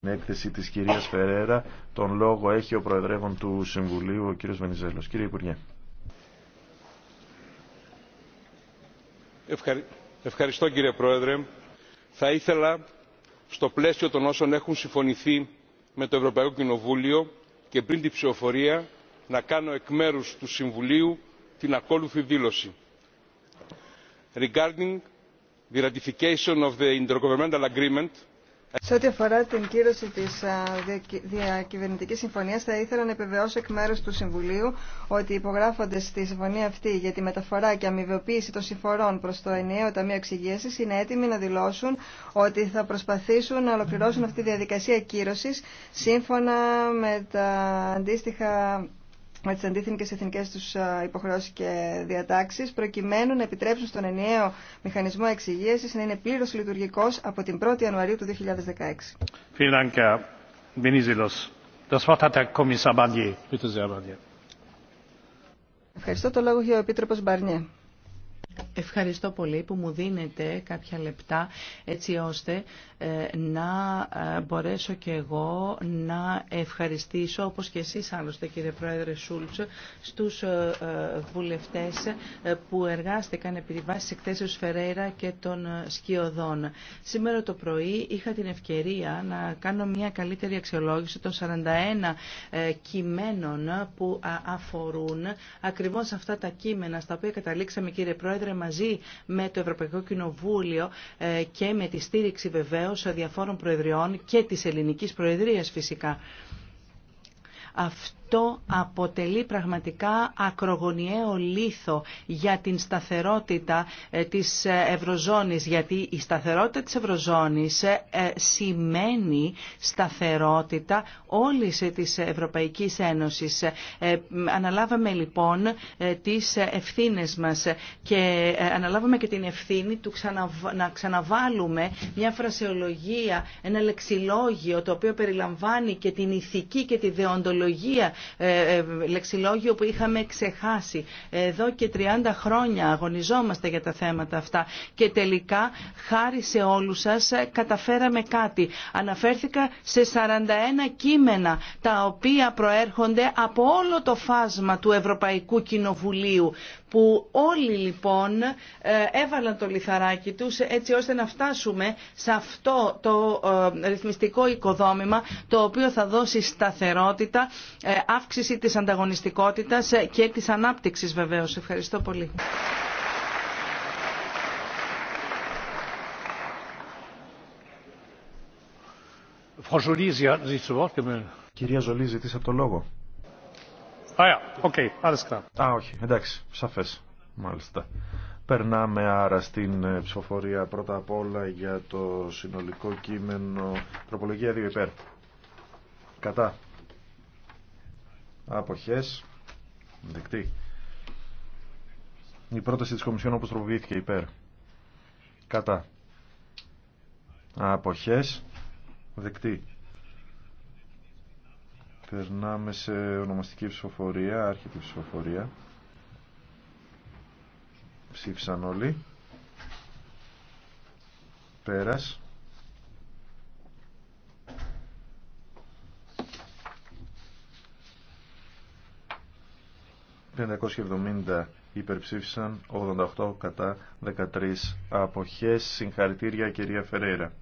την έκθεση της κυρίας Φερέρα. Τον λόγο έχει ο Προεδρεύων του Συμβουλίου, ο κύριος Βενιζέλος. Κύριε Υπουργέ. Ευχαριστώ κύριε Πρόεδρε. Θα ήθελα στο πλαίσιο των όσων έχουν συμφωνηθεί με το Ευρωπαϊκό Κοινοβούλιο και πριν την ψηφοφορία να κάνω εκ μέρου του Συμβουλίου την ακόλουθη δήλωση. Regarding the ratification of the intergovernmental agreement σε ό,τι αφορά την κύρωση τη διακυβερνητική συμφωνία, θα ήθελα να επιβεβαιώσω εκ μέρου του Συμβουλίου ότι υπογράφοντα τη συμφωνία αυτή για τη μεταφορά και αμοιβοποίηση των συμφορών προ το ενιαίο Ταμείο Εξυγίαση είναι έτοιμοι να δηλώσουν ότι θα προσπαθήσουν να ολοκληρώσουν αυτή τη διαδικασία κύρωση σύμφωνα με τα αντίστοιχα με τι αντίθυνε εθνικέ του υποχρεώσει και διατάξει, προκειμένου να επιτρέψουν στον ενιαίο μηχανισμό εξυγίαση να είναι πλήρω λειτουργικό από την 1η Ιανουαρίου του 2016. Ευχαριστώ. Το λόγο για ο Επίτροπο Μπαρνιέ. Ευχαριστώ πολύ που μου δίνετε κάποια λεπτά έτσι ώστε ε, να ε, μπορέσω και εγώ να ευχαριστήσω όπως και εσείς άλλωστε κύριε Πρόεδρε Σούλτς στους ε, βουλευτές που εργάστηκαν επί τη βάση εκθέσεως και των Σκιωδών. Σήμερα το πρωί είχα την ευκαιρία να κάνω μια καλύτερη αξιολόγηση των 41 κειμένων που αφορούν ακριβώς αυτά τα κείμενα στα οποία καταλήξαμε κύριε Πρόεδρε μαζί με το Ευρωπαϊκό Κοινοβούλιο ε, και με τη στήριξη βεβαίως διαφόρων Προεδριών και της Ελληνικής Προεδρίας φυσικά. Αυτό αυτό αποτελεί πραγματικά ακρογωνιαίο λίθο για την σταθερότητα ε, της ε, Ευρωζώνης, γιατί η σταθερότητα της Ευρωζώνης ε, σημαίνει σταθερότητα όλης της Ευρωπαϊκής Ένωσης. Αναλάβαμε λοιπόν τις ευθύνες μας και αναλάβαμε και την ευθύνη του να ξαναβάλουμε μια φρασεολογία, ένα λεξιλόγιο το οποίο περιλαμβάνει και την ηθική και τη δεοντολογία ε, ε, λεξιλόγιο που είχαμε ξεχάσει. Εδώ και 30 χρόνια αγωνιζόμαστε για τα θέματα αυτά και τελικά χάρη σε όλους σας ε, καταφέραμε κάτι. Αναφέρθηκα σε 41 κείμενα τα οποία προέρχονται από όλο το φάσμα του Ευρωπαϊκού Κοινοβουλίου που όλοι λοιπόν ε, έβαλαν το λιθαράκι τους έτσι ώστε να φτάσουμε σε αυτό το ε, ρυθμιστικό οικοδόμημα το οποίο θα δώσει σταθερότητα, ε, αύξηση της ανταγωνιστικότητας και της ανάπτυξης βεβαίως. Ευχαριστώ πολύ. Κυρία Ζολή, ζητήσατε το λόγο. Α, όχι, εντάξει, σαφές, μάλιστα. Περνάμε άρα στην ε, ψηφοφορία πρώτα απ' όλα για το συνολικό κείμενο τροπολογία 2 υπέρ. Κατά. Αποχές. Δεκτή. Η πρόταση της Κομισιόν όπως τροποποιήθηκε υπέρ. Κατά. Αποχές. Δεκτή. Περνάμε σε ονομαστική ψηφοφορία, άρχιτη ψηφοφορία. Ψήφισαν όλοι. Πέρας. ...570 υπερψήφισαν, 88 κατά, 13 αποχές. Συγχαρητήρια κυρία Φερέιρα.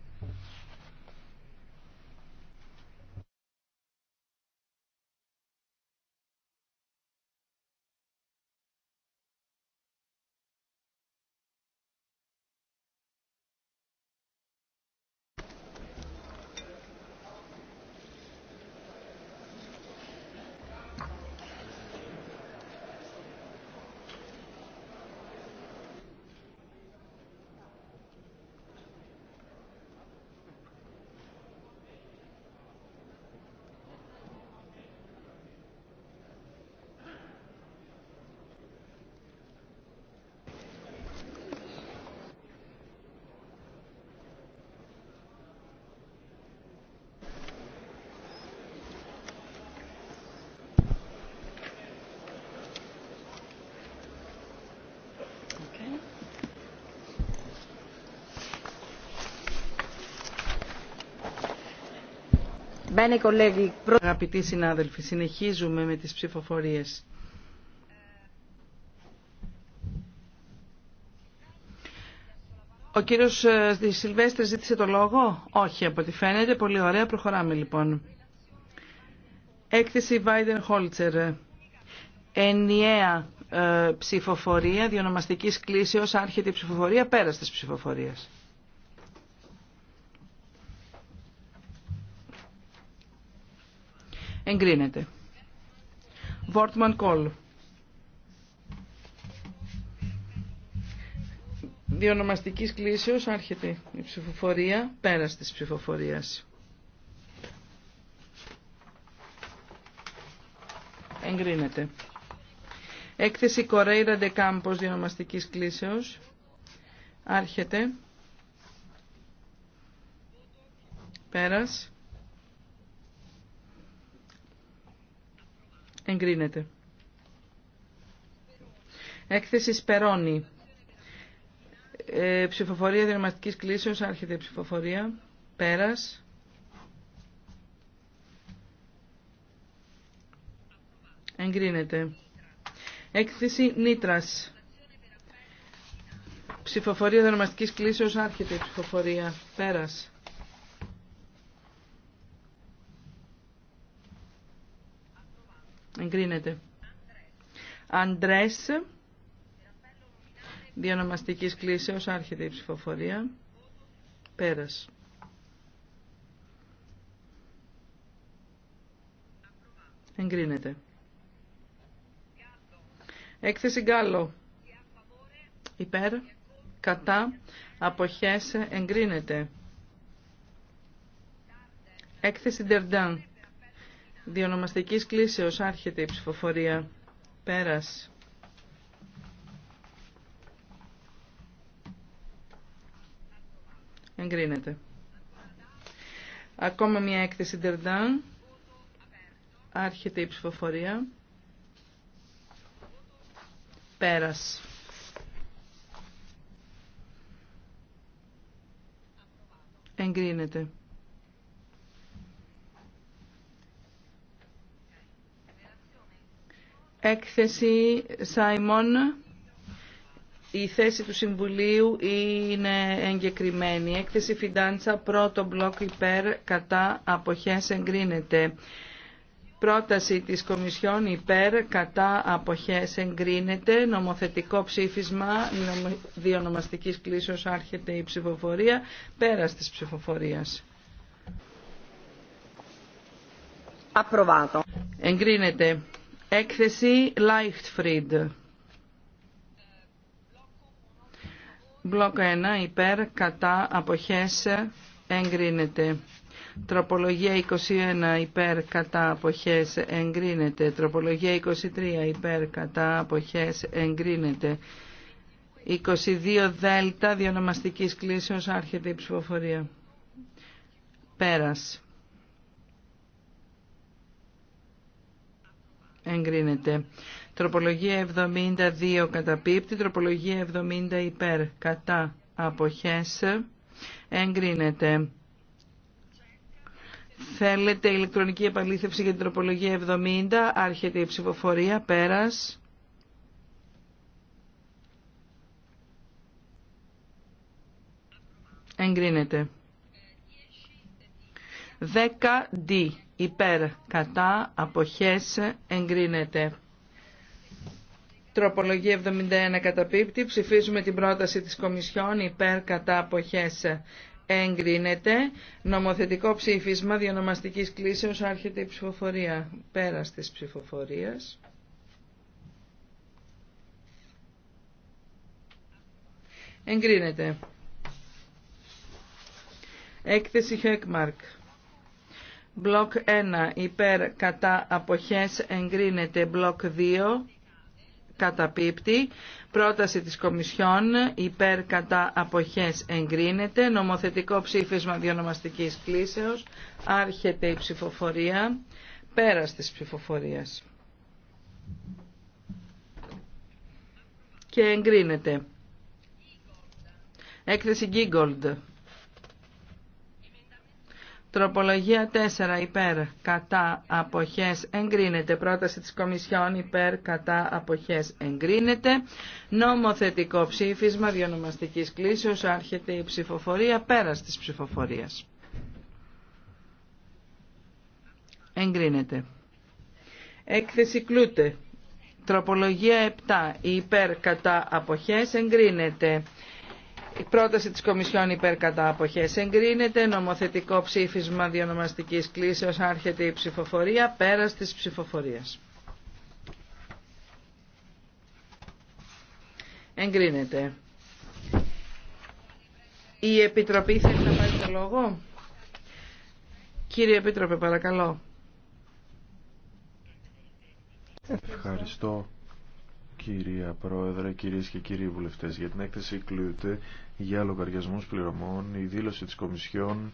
Αγαπητοί συνάδελφοι, συνεχίζουμε με τις ψηφοφορίες. Ο κύριος ε, Σιλβέστρη ζήτησε το λόγο. Όχι, από ό,τι φαίνεται. Πολύ ωραία. Προχωράμε λοιπόν. Έκθεση Βάιντεν Χόλτσερ. Ενιαία ε, ψηφοφορία, διονομαστικής κλήσεως, άρχεται η ψηφοφορία πέρα της ψηφοφορίας. εγκρίνεται. Βόρτμαν Κόλ. Διονομαστικής κλήσεως άρχεται η ψηφοφορία, πέρας της ψηφοφορίας. Εγκρίνεται. Έκθεση Κορέιρα Κάμπος. διονομαστικής κλήσεως. Άρχεται. Πέρας. εγκρίνεται. Έκθεση Σπερώνη. Ε, ψηφοφορία διονομαστικής κλήσεως, άρχεται η ψηφοφορία. Πέρας. Εγκρίνεται. Έκθεση Νίτρας. Ψηφοφορία διονομαστικής κλήσεως, άρχεται η ψηφοφορία. Πέρας. Εγκρίνεται. Αντρές. Διανομαστικής κλίσεως άρχεται η ψηφοφορία. Πέρας. Εγκρίνεται. Έκθεση Γκάλο. Υπέρ, κατά, αποχές, εγκρίνεται. Έκθεση Ντερντάν. Διονομαστικής κλίσεως άρχεται η ψηφοφορία. Πέρας. Εγκρίνεται. Ακόμα μια έκθεση Ντερντάν. Άρχεται η ψηφοφορία. Πέρας. Εγκρίνεται. Έκθεση Σάιμον. Η θέση του Συμβουλίου είναι εγκεκριμένη. Έκθεση Φιντάντσα, πρώτο μπλοκ υπέρ, κατά, αποχές εγκρίνεται. Πρόταση της Κομισιόν υπέρ, κατά, αποχές εγκρίνεται. Νομοθετικό ψήφισμα διονομαστικής κλήσεως άρχεται η ψηφοφορία, πέρας της ψηφοφορίας. Απροβάτο. Εγκρίνεται. Έκθεση Λάιχτφριντ. Μπλοκ 1 υπέρ κατά αποχές εγκρίνεται. Τροπολογία 21 υπέρ κατά αποχές εγκρίνεται. Τροπολογία 23 υπέρ κατά αποχές εγκρίνεται. 22 δέλτα διονομαστικής κλίσεως άρχεται η ψηφοφορία. Πέρας. εγκρίνεται. Τροπολογία 72 καταπίπτει, τροπολογία 70 υπέρ κατά αποχές εγκρίνεται. Θέλετε ηλεκτρονική επαλήθευση για την τροπολογία 70, άρχεται η ψηφοφορία, πέρας. Εγκρίνεται. 10D υπέρ κατά αποχές εγκρίνεται. Τροπολογία 71 καταπίπτει. Ψηφίζουμε την πρόταση της Κομισιόν υπέρ κατά αποχές εγκρίνεται. Νομοθετικό ψήφισμα διανομαστικής κλίσεως άρχεται η ψηφοφορία. Πέρας της ψηφοφορίας. Εγκρίνεται. Έκθεση Χέκμαρκ. Μπλοκ 1 υπέρ κατά αποχές εγκρίνεται. Μπλοκ 2 καταπίπτει. Πρόταση της Κομισιόν υπέρ κατά αποχές εγκρίνεται. Νομοθετικό ψήφισμα διονομαστικής κλίσεως. Άρχεται η ψηφοφορία. Πέρας της ψηφοφορίας. Και εγκρίνεται. Έκθεση Γκίγκολντ. Τροπολογία 4 υπέρ κατά αποχές εγκρίνεται. Πρόταση της Κομισιόν υπέρ κατά αποχές εγκρίνεται. Νομοθετικό ψήφισμα διονομαστικής κλήσεως άρχεται η ψηφοφορία πέρας της ψηφοφορίας. Εγκρίνεται. Έκθεση κλούτε. Τροπολογία 7 υπέρ κατά αποχές εγκρίνεται. Η πρόταση της Κομισιόν υπέρ κατά αποχές εγκρίνεται. Νομοθετικό ψήφισμα διονομαστικής κλίσεως άρχεται η ψηφοφορία πέρας της ψηφοφορίας. Εγκρίνεται. Η Επιτροπή θέλει να πάρει το λόγο. Κύριε Επίτροπε, παρακαλώ. Ευχαριστώ κυρία Πρόεδρε, κυρίες και κύριοι βουλευτές. Για την έκθεση κλείεται για λογαριασμού πληρωμών η δήλωση της Κομισιόν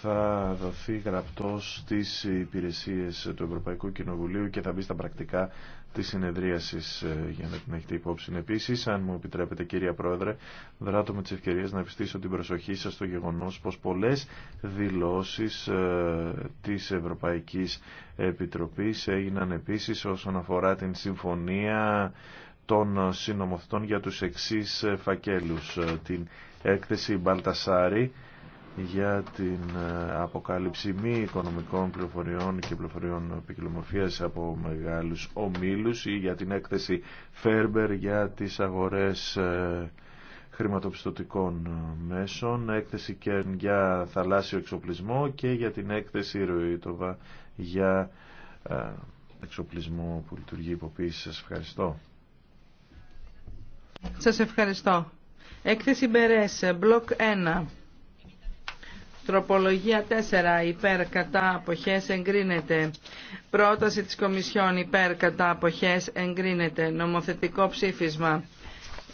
θα δοθεί γραπτός στις υπηρεσίες του Ευρωπαϊκού Κοινοβουλίου και θα μπει στα πρακτικά της συνεδρίασης ε, για να την έχετε υπόψη. Επίσης, αν μου επιτρέπετε κυρία Πρόεδρε, δράτω με τις ευκαιρίες να επιστήσω την προσοχή σας στο γεγονός πως πολλές δηλώσεις ε, της Ευρωπαϊκής Επιτροπής έγιναν επίσης όσον αφορά την συμφωνία των συνομοθετών για τους εξής φακέλους. Ε, την έκθεση Μπαλτασάρη, για την ε, αποκάλυψη μη οικονομικών πληροφοριών και πληροφοριών επικοινωνίας από μεγάλους ομίλους ή για την έκθεση Φέρμπερ για τις αγορές ε, χρηματοπιστωτικών ε, μέσων, έκθεση Κέρν για θαλάσσιο εξοπλισμό και για την έκθεση Ροϊτοβα για εξοπλισμό που λειτουργεί υποποίηση. Σας ευχαριστώ. Σας ευχαριστώ. Έκθεση Μπερές, μπλοκ 1. Τροπολογία 4 υπέρ κατά αποχές εγκρίνεται. Πρόταση της Κομισιόν υπέρ κατά αποχές εγκρίνεται. Νομοθετικό ψήφισμα.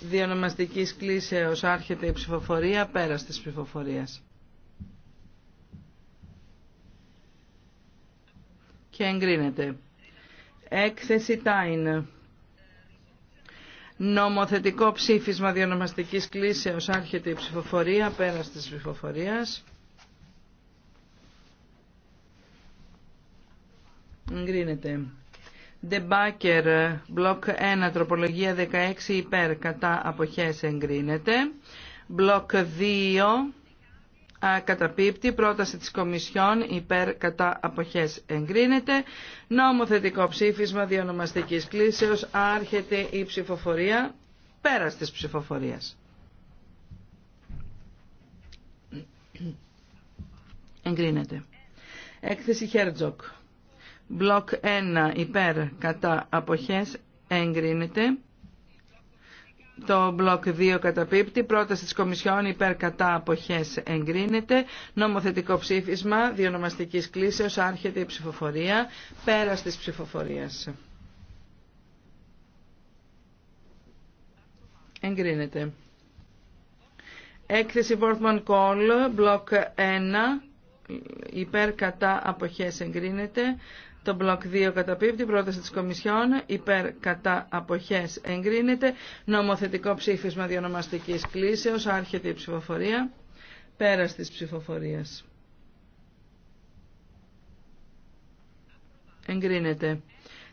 Διονομαστική κλίσεως άρχεται η ψηφοφορία πέρας της ψηφοφορίας. Και εγκρίνεται. Έκθεση Τάιν. Νομοθετικό ψήφισμα διονομαστικής κλίσεως άρχεται η ψηφοφορία πέρα της ψηφοφορίας. Εγκρίνεται. Δεμπάκερ, μπλοκ 1, τροπολογία 16 υπέρ, κατά αποχές εγκρίνεται. Μπλοκ 2, καταπίπτει, πρόταση της Κομισιόν υπέρ κατά αποχές εγκρίνεται. Νομοθετικό ψήφισμα διονομαστικής κλήσεως άρχεται η ψηφοφορία πέρα της ψηφοφορίας. Εγκρίνεται. Έκθεση Χέρτζοκ. Μπλοκ 1 υπέρ κατά αποχές εγκρίνεται. Το μπλοκ 2 καταπίπτει. Πρόταση της Κομισιόν υπέρ κατά αποχές εγκρίνεται. Νομοθετικό ψήφισμα διονομαστικής κλίσεως άρχεται η ψηφοφορία. πέρα της ψηφοφορίας. Εγκρίνεται. Έκθεση Βόρτμαν Κόλ, μπλοκ 1, υπέρ κατά αποχές εγκρίνεται. Το μπλοκ 2 καταπίπτει. Πρόταση της Κομισιόν υπέρ κατά αποχές εγκρίνεται. Νομοθετικό ψήφισμα διονομαστικής κλήσεως. Άρχεται η ψηφοφορία. Πέρας της ψηφοφορίας. Εγκρίνεται.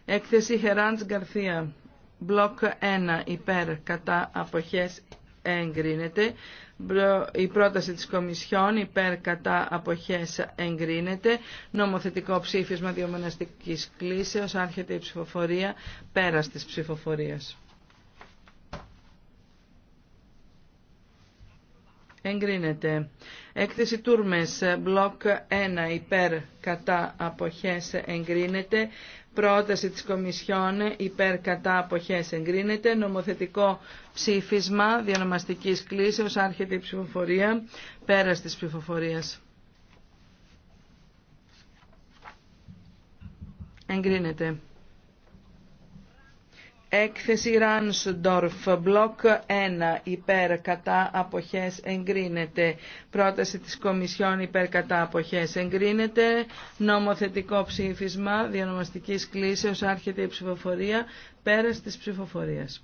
Έκθεση Χεράντς Γκαρθία. Μπλοκ 1 υπέρ κατά αποχές εγκρίνεται η πρόταση της Κομισιόν υπέρ κατά αποχές εγκρίνεται. Νομοθετικό ψήφισμα διομοναστικής κλίσεως. Άρχεται η ψηφοφορία πέρας της ψηφοφορίας. Εγκρίνεται. Έκθεση Τούρμες, μπλοκ 1, υπέρ κατά αποχές εγκρίνεται πρόταση της Κομισιόν υπέρ κατά αποχές εγκρίνεται, νομοθετικό ψήφισμα διανομαστικής κλήσεως. άρχεται η ψηφοφορία, πέρας της ψηφοφορίας. Εγκρίνεται. Έκθεση Ράνσντορφ, μπλοκ 1, υπέρ κατά αποχές εγκρίνεται. Πρόταση της Κομισιόν υπέρ κατά αποχές εγκρίνεται. Νομοθετικό ψήφισμα διανομαστικής κλήσεως άρχεται η ψηφοφορία πέρας της ψηφοφορίας.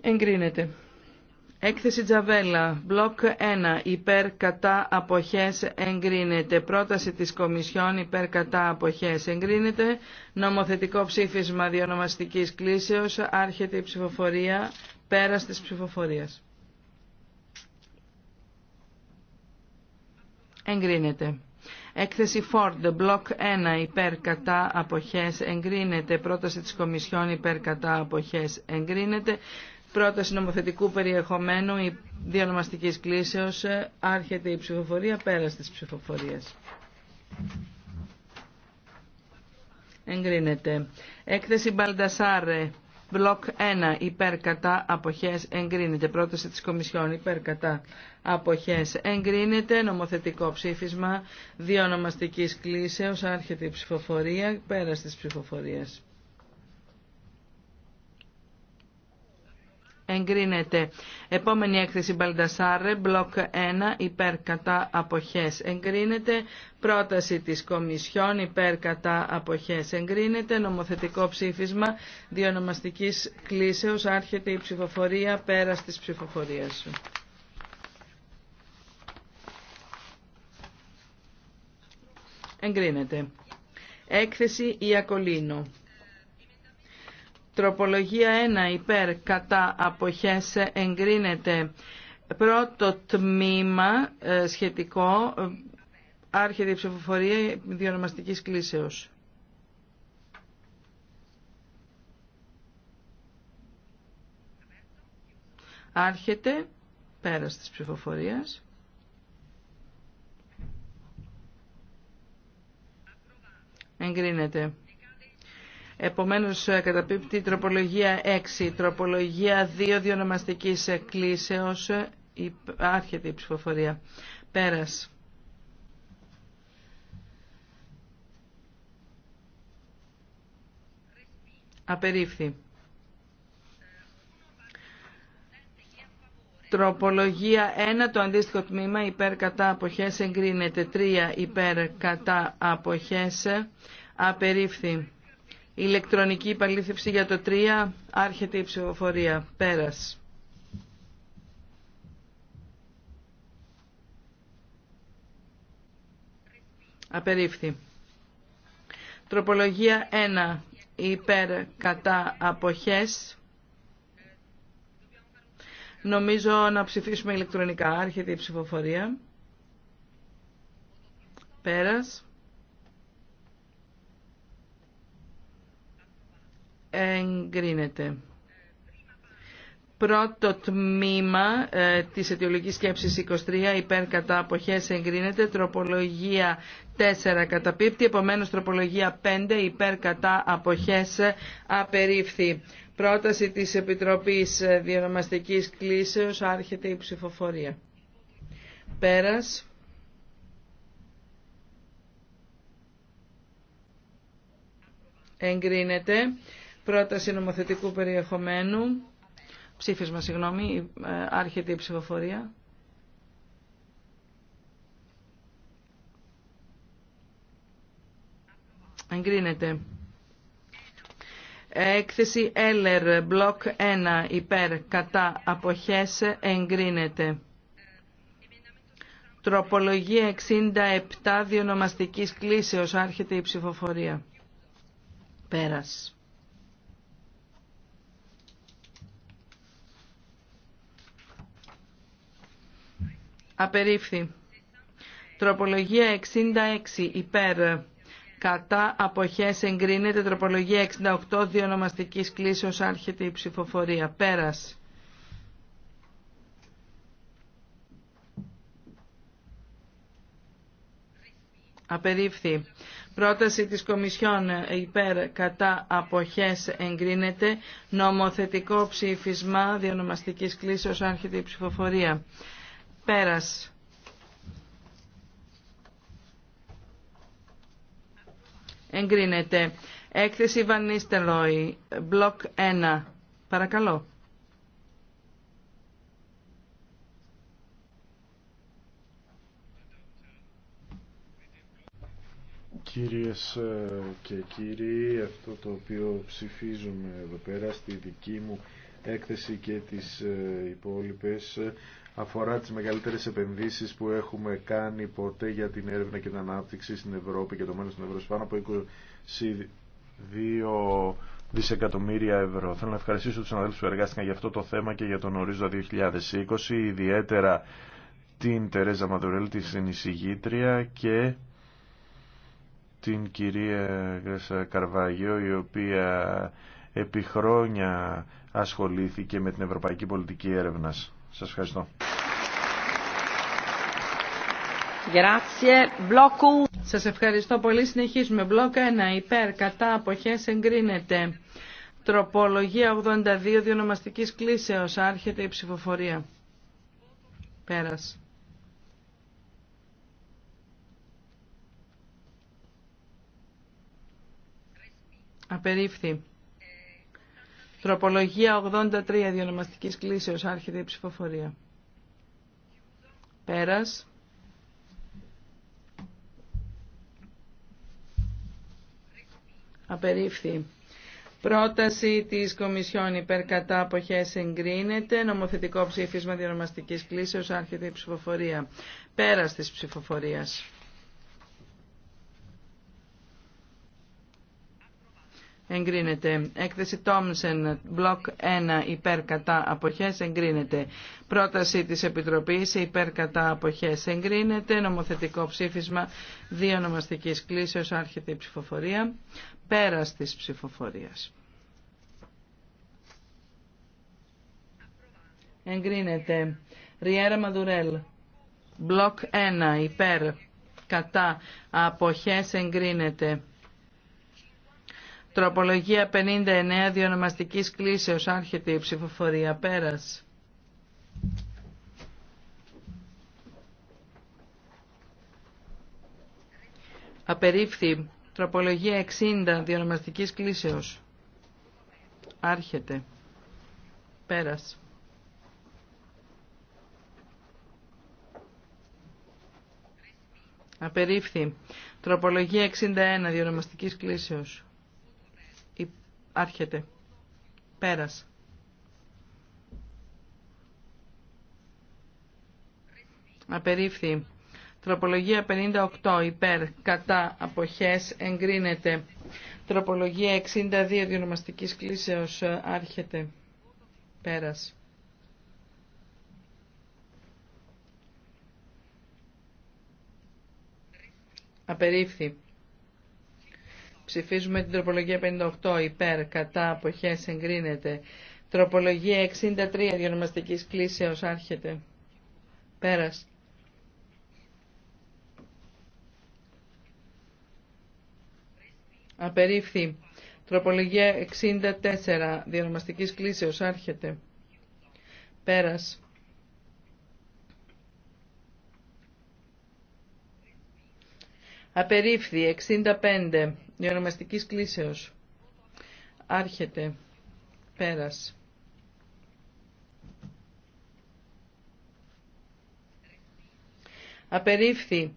Εγκρίνεται. Έκθεση Τζαβέλα, μπλοκ 1, υπέρ κατά αποχές εγκρίνεται. Πρόταση της Κομισιόν υπέρ κατά αποχές εγκρίνεται. Νομοθετικό ψήφισμα διονομαστικής κλήσεως, άρχεται η ψηφοφορία, πέρας της ψηφοφορίας. Εγκρίνεται. Έκθεση Ford, Μπλοκ 1, υπέρ κατά αποχές εγκρίνεται. Πρόταση της Κομισιόν υπέρ κατά αποχές εγκρίνεται πρόταση νομοθετικού περιεχομένου η διανομαστικής κλήσεως ε, άρχεται η ψηφοφορία πέρας της ψηφοφορίας. Εγκρίνεται. Έκθεση Μπαλντασάρε. Μπλοκ 1. Υπέρ κατά αποχές εγκρίνεται. Πρόταση της Κομισιόν. Υπέρ αποχές εγκρίνεται. Νομοθετικό ψήφισμα. Διονομαστικής κλήσεως. Άρχεται η ψηφοφορία. Πέρας της ψηφοφορίας. εγκρίνεται. Επόμενη έκθεση Μπαλντασάρε, μπλοκ 1, υπέρ κατά αποχές εγκρίνεται. Πρόταση της Κομισιόν υπέρ κατά αποχές εγκρίνεται. Νομοθετικό ψήφισμα διονομαστικής κλίσεως. Άρχεται η ψηφοφορία πέρα της ψηφοφορίας. Εγκρίνεται. Έκθεση Ιακολίνο. Τροπολογία 1 υπέρ κατά αποχές εγκρίνεται. Πρώτο τμήμα ε, σχετικό άρχεται η ψηφοφορία διονομαστικής κλίσεως. Άρχεται πέρας της ψηφοφορίας. Εγκρίνεται. Επομένως ε, καταπίπτει τροπολογία 6, τροπολογία 2 διονομαστικής κλίσεως, ε, άρχεται η ψηφοφορία. Πέρας. Απερίφθη. Τροπολογία 1, το αντίστοιχο τμήμα, υπέρ κατά αποχές εγκρίνεται. 3, υπέρ κατά αποχές, απερίφθη ηλεκτρονική υπαλλήθευση για το 3. Άρχεται η ψηφοφορία. Πέρας. Απερίφθη. Τροπολογία 1. Υπέρ κατά αποχές. Νομίζω να ψηφίσουμε ηλεκτρονικά. Άρχεται η ψηφοφορία. Πέρας. εγκρίνεται. Πρώτο τμήμα ε, της αιτιολογικής σκέψης 23 υπέρ κατά αποχές εγκρίνεται, τροπολογία 4 καταπίπτει, επομένως τροπολογία 5 υπέρ κατά αποχές απερίφθη. Πρόταση της Επιτροπής Διονομαστικής Κλήσεως άρχεται η ψηφοφορία. Πέρας. Εγκρίνεται πρόταση νομοθετικού περιεχομένου, ψήφισμα συγγνώμη, ε, άρχεται η ψηφοφορία. Εγκρίνεται. Έκθεση Έλερ, μπλοκ 1, υπέρ, κατά, αποχές, εγκρίνεται. Τροπολογία 67, διονομαστικής κλίσεως, άρχεται η ψηφοφορία. Πέρας. Απερίφθη. Τροπολογία 66 υπέρ. Κατά αποχές εγκρίνεται τροπολογία 68 διονομαστικής κλίσεως άρχεται η ψηφοφορία. Πέρας. Απερίφθη. Πρόταση της Κομισιόν υπέρ κατά αποχές εγκρίνεται. Νομοθετικό ψήφισμα διονομαστικής κλίσεως άρχεται η ψηφοφορία. Πέρας. Εγκρίνεται. Έκθεση Βανίστελόι. Μπλοκ 1. Παρακαλώ. Κυρίες ε, και κύριοι, αυτό το οποίο ψηφίζουμε εδώ πέρα στη δική μου έκθεση και τις ε, υπόλοιπες αφορά τις μεγαλύτερες επενδύσεις που έχουμε κάνει ποτέ για την έρευνα και την ανάπτυξη στην Ευρώπη και το μέλλον στην Ευρώπη πάνω από 22 δισεκατομμύρια ευρώ. Θέλω να ευχαριστήσω τους συναδέλφους που εργάστηκαν για αυτό το θέμα και για τον ορίζοντα 2020, ιδιαίτερα την Τερέζα Μαδουρέλ, τη συνεισηγήτρια και την κυρία Γκρέσα Καρβάγιο, η οποία επί χρόνια ασχολήθηκε με την Ευρωπαϊκή Πολιτική Έρευνας. Σας ευχαριστώ. Σας ευχαριστώ πολύ. Συνεχίζουμε. Μπλοκ 1. Υπέρ, κατά, αποχές, εγκρίνεται. Τροπολογία 82, διονομαστικής κλίσεως. Άρχεται η ψηφοφορία. Πέρας. Απερίφθη. Τροπολογία 83 διονομαστικής κλήσεως άρχεται ψηφοφορία. Πέρας. Απερίφθη. Πρόταση της Κομισιόν υπέρ εγκρίνεται. Νομοθετικό ψήφισμα διονομαστικής κλήσεως άρχεται ψηφοφορία. Πέρας της ψηφοφορίας. εγκρίνεται. Έκθεση Τόμσεν, μπλοκ 1, υπέρ κατά αποχές, εγκρίνεται. Πρόταση της Επιτροπής, υπέρ κατά αποχές, εγκρίνεται. Νομοθετικό ψήφισμα, δύο νομαστικής κλήσεως, άρχεται η ψηφοφορία. Πέρας της ψηφοφορίας. Εγκρίνεται. Ριέρα Μαδουρέλ, μπλοκ 1, υπέρ κατά αποχές, εγκρίνεται. Τροπολογία 59 διονομαστικής κλίσεως. Άρχεται η ψηφοφορία. Πέρας. Απερίφθη. Τροπολογία 60 διονομαστικής κλίσεως. Άρχεται. Πέρας. Απερίφθη. Τροπολογία 61 διονομαστικής κλίσεως. Άρχεται. Πέρας. Απερίφθη. Τροπολογία 58 υπέρ κατά αποχές εγκρίνεται. Τροπολογία 62 διονομαστικής κλίσεως άρχεται. Πέρας. Απερίφθη. Ψηφίζουμε την τροπολογία 58 υπέρ, κατά, αποχές, εγκρίνεται. Τροπολογία 63 διονομαστικής κλίσεως άρχεται. Πέρας. Απερίφθη. Τροπολογία 64 διονομαστικής κλίσεως άρχεται. Πέρας. Απερίφθη 65. Διονομαστικής κλίσεως. Άρχεται. Πέρας. Απερίφθη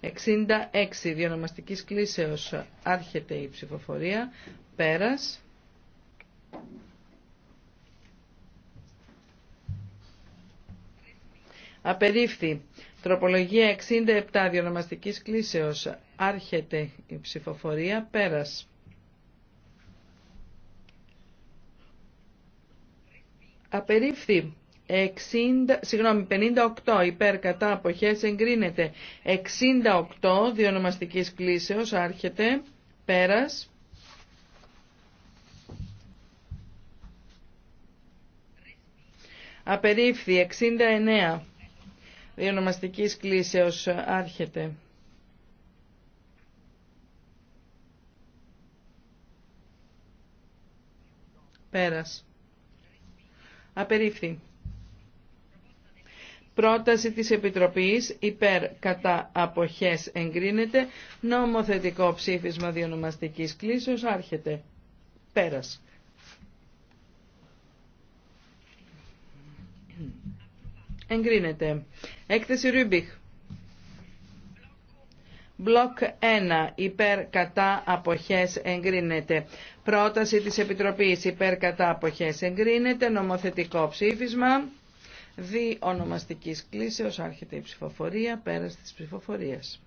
66. Διονομαστικής κλίσεως. Άρχεται η ψηφοφορία. Πέρας. Απερίφθη Τροπολογία 67 διονομαστικής κλίσεως. Άρχεται η ψηφοφορία. Πέρας. Απερίφθη. 60, συγγνώμη, 58 υπέρ κατά αποχές εγκρίνεται. 68 διονομαστικής κλίσεως. Άρχεται. Πέρας. Απερίφθη. 69 διονομαστικής κλίσεως άρχεται. Πέρας. Απερίφθη. Πρόταση της Επιτροπής υπέρ κατά αποχές εγκρίνεται. Νομοθετικό ψήφισμα διονομαστικής κλίσεως άρχεται. Πέρας. Εγκρίνεται. Έκθεση Ρούμπιχ. Μπλοκ 1. Υπέρ κατά αποχές εγκρίνεται. Πρόταση της Επιτροπής υπέρ κατά αποχές εγκρίνεται. Νομοθετικό ψήφισμα. Δι ονομαστικής κλίσεως άρχεται η ψηφοφορία πέρας της ψηφοφορίας.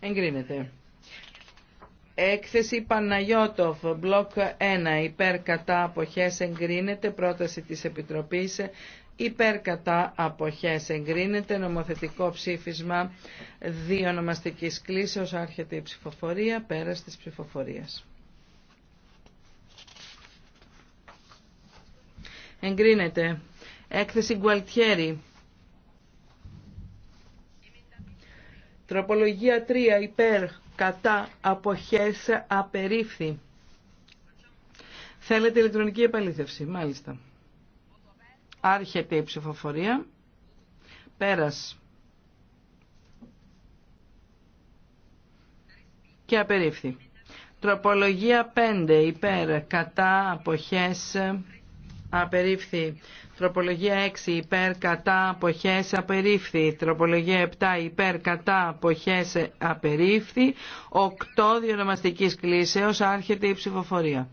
Εγκρίνεται. Έκθεση Παναγιώτοφ, μπλοκ 1, υπέρ κατά αποχές εγκρίνεται, πρόταση της Επιτροπής, υπέρ κατά αποχές εγκρίνεται, νομοθετικό ψήφισμα, δύο ονομαστικής κλίσεως, άρχεται η ψηφοφορία, πέρας της ψηφοφορίας. Εγκρίνεται. Έκθεση Γκουαλτιέρη. Τροπολογία 3, υπέρ κατά αποχές απερίφθη. Θέλετε ηλεκτρονική επαλήθευση, μάλιστα. Άρχεται η ψηφοφορία. Πέρας. Και απερίφθη. Τροπολογία 5 υπέρ κατά αποχές απερίφθη. Τροπολογία 6 υπέρ κατά αποχές απερίφθη. Τροπολογία 7 υπέρ κατά αποχές απερίφθη. 8 διονομαστικής κλίσεως άρχεται η ψηφοφορία.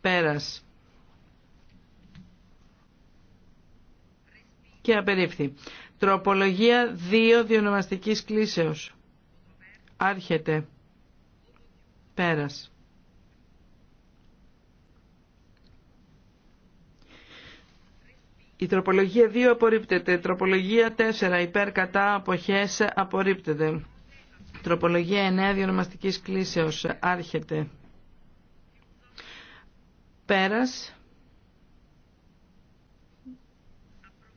Πέρας. Και απερίφθη. Τροπολογία 2 διονομαστικής κλίσεως. Άρχεται. Πέρας. Η τροπολογία 2 απορρίπτεται. Τροπολογία 4 υπέρ κατά αποχές απορρίπτεται. Τροπολογία 9 διονομαστικής κλίσεως άρχεται. Πέρας.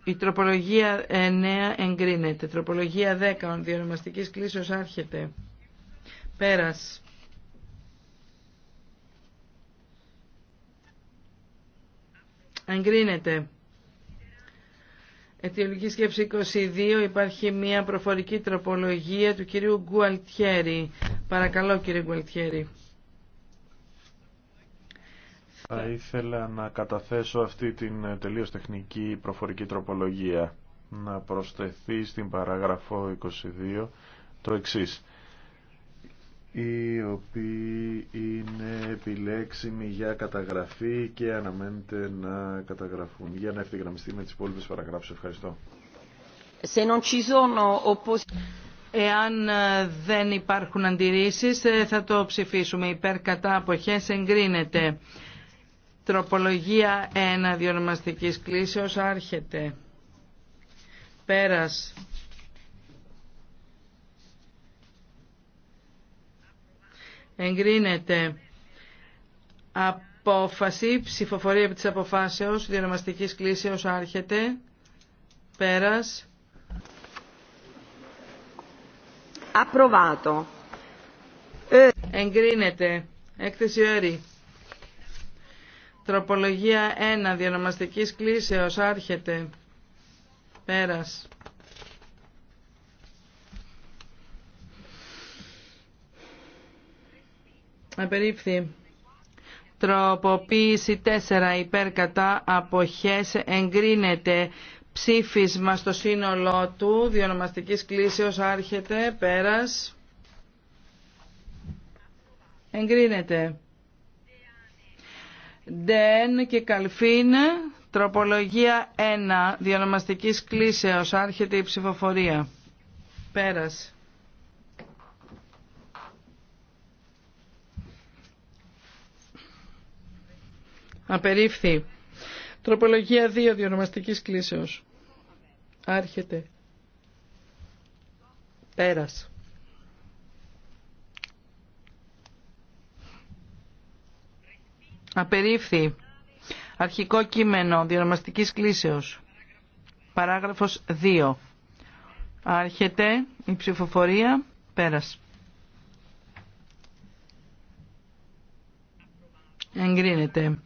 Η τροπολογία 9 εγκρίνεται. Τροπολογία 10 διονομαστικής κλίσεως άρχεται. Πέρας. Εγκρίνεται. Αιτιολογική σκέψη 22 υπάρχει μια προφορική τροπολογία του κυρίου Γκουαλτιέρη. Παρακαλώ κύριε Γκουαλτιέρη. Θα ήθελα να καταθέσω αυτή την ε, τελείως τεχνική προφορική τροπολογία. Να προσθεθεί στην παράγραφο 22 το εξής οι οποίοι είναι επιλέξιμοι για καταγραφή και αναμένεται να καταγραφούν για να ευθυγραμμιστεί με τις υπόλοιπε παραγράφου. Ευχαριστώ. Εάν ε, δεν υπάρχουν αντιρρήσεις ε, θα το ψηφίσουμε υπέρ κατά αποχές εγκρίνεται. Τροπολογία 1 διονομαστικής κλήσεως άρχεται. Πέρας. εγκρίνεται απόφαση, ψηφοφορία επί της αποφάσεως, διονομαστικής κλήσεως άρχεται, πέρας. Απροβάτο. Ε. Εγκρίνεται. Έκθεση ΕΡΗ. Τροπολογία 1. Διανομαστικής κλήσεως. Άρχεται. Πέρας. Απερίφθη. Τροποποίηση 4 υπέρ κατά αποχές εγκρίνεται ψήφισμα στο σύνολό του διονομαστικής κλήσεως άρχεται πέρας εγκρίνεται Δεν και Καλφίν τροπολογία 1 διονομαστικής κλήσεως άρχεται η ψηφοφορία πέρας Απερίφθη. Τροπολογία 2 διονομαστικής κλίσεως. Άρχεται. Πέρας. Απερίφθη. Αρχικό κείμενο διονομαστικής κλίσεως. Παράγραφος 2. Άρχεται η ψηφοφορία. Πέρας. Εγκρίνεται.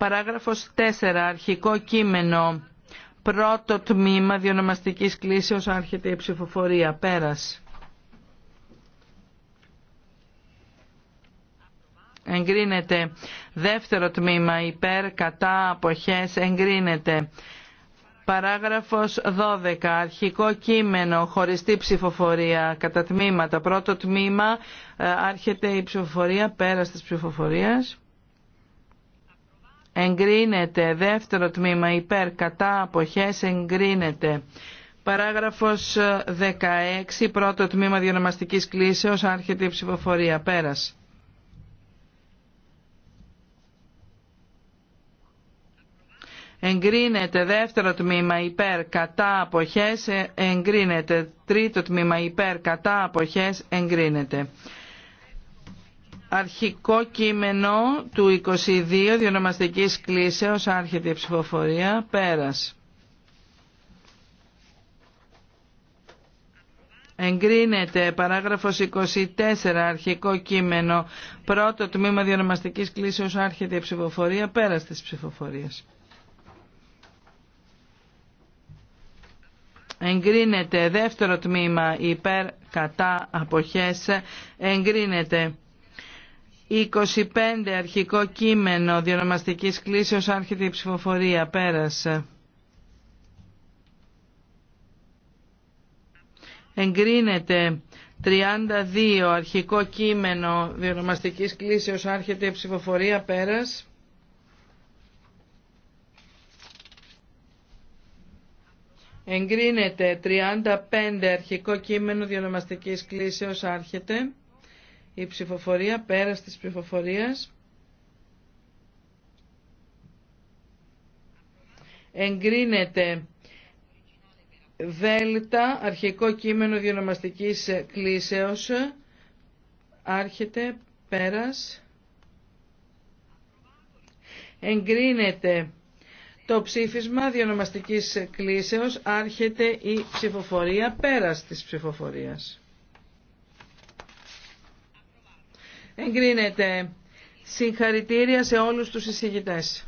Παράγραφος 4. Αρχικό κείμενο. Πρώτο τμήμα διονομαστικής κλήσεως άρχεται η ψηφοφορία. Πέρας. Εγκρίνεται. Δεύτερο τμήμα υπέρ, κατά, αποχές. Εγκρίνεται. Παράγραφος 12. Αρχικό κείμενο. Χωριστή ψηφοφορία κατά τμήματα. Πρώτο τμήμα ε, άρχεται η ψηφοφορία πέρας της ψηφοφορίας εγκρίνεται. Δεύτερο τμήμα υπέρ κατά αποχές εγκρίνεται. Παράγραφος 16, ε, πρώτο τμήμα διονομαστικής κλίσεως, άρχεται η ψηφοφορία. Πέρας. Εγκρίνεται δεύτερο τμήμα υπέρ κατά αποχές, ε, εγκρίνεται τρίτο τμήμα υπέρ κατά αποχές, εγκρίνεται αρχικό κείμενο του 22 διονομαστικής κλίσεως άρχεται η ψηφοφορία πέρας Εγκρίνεται παράγραφος 24 αρχικό κείμενο πρώτο τμήμα διονομαστικής κλίσεως άρχεται η ψηφοφορία πέρας της ψηφοφορίας. Εγκρίνεται δεύτερο τμήμα υπέρ κατά αποχές εγκρίνεται 25 αρχικό κείμενο διονομαστικής κλήσεως άρχεται η ψηφοφορία. Πέρασε. Εγκρίνεται 32 αρχικό κείμενο διονομαστικής κλήσεως άρχεται η ψηφοφορία. Πέρασε. Εγκρίνεται 35 αρχικό κείμενο διονομαστικής κλήσεως άρχεται η ψηφοφορία πέρας της ψηφοφορίας εγκρίνεται δέλτα αρχικό κείμενο διονομαστικής κλίσεως άρχεται πέρας εγκρίνεται το ψήφισμα διονομαστικής κλίσεως άρχεται η ψηφοφορία πέρας της ψηφοφορίας. Εγκρίνεται. Συγχαρητήρια σε όλους τους εισηγητές.